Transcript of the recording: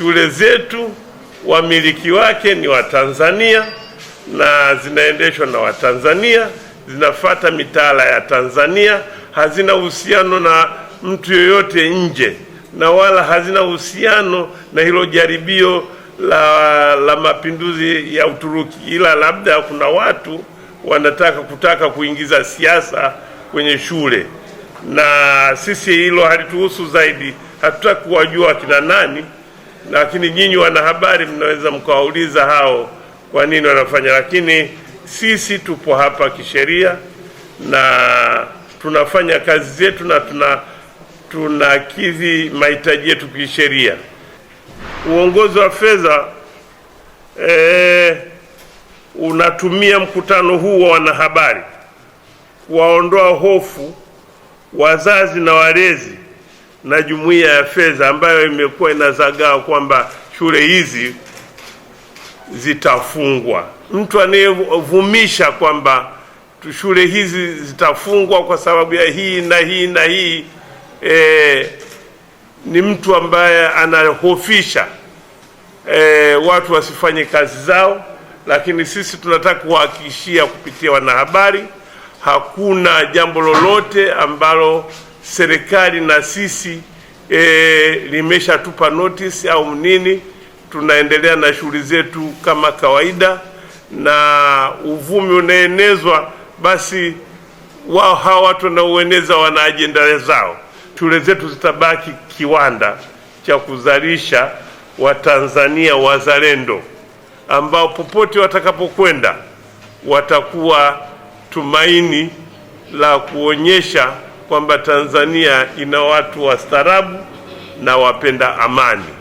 Shule zetu wamiliki wake ni Watanzania na zinaendeshwa na Watanzania, zinafata mitaala ya Tanzania, hazina uhusiano na mtu yoyote nje na wala hazina uhusiano na hilo jaribio la, la mapinduzi ya Uturuki, ila labda kuna watu wanataka kutaka kuingiza siasa kwenye shule, na sisi hilo halituhusu. Zaidi hatutaki kuwajua wakina nani lakini nyinyi wanahabari mnaweza mkawauliza hao kwa nini wanafanya, lakini sisi tupo hapa kisheria na tunafanya kazi zetu na tuna tunakidhi mahitaji yetu kisheria. Uongozi wa fedha e, unatumia mkutano huu wa wanahabari kuwaondoa hofu wazazi na walezi na jumuiya ya fedha ambayo imekuwa inazagaa kwamba shule hizi zitafungwa. Mtu anayevumisha kwamba shule hizi zitafungwa kwa sababu ya hii na hii na hii e, ni mtu ambaye anahofisha e, watu wasifanye kazi zao. Lakini sisi tunataka kuwahakikishia kupitia wanahabari, hakuna jambo lolote ambalo serikali na sisi e, limeshatupa notice au nini, tunaendelea na shughuli zetu kama kawaida, na uvumi unaenezwa basi wao hawa watu wanaoeneza wana ajenda zao. Shule zetu zitabaki kiwanda cha kuzalisha Watanzania wazalendo ambao popote watakapokwenda watakuwa tumaini la kuonyesha kwamba Tanzania ina watu wastaarabu na wapenda amani.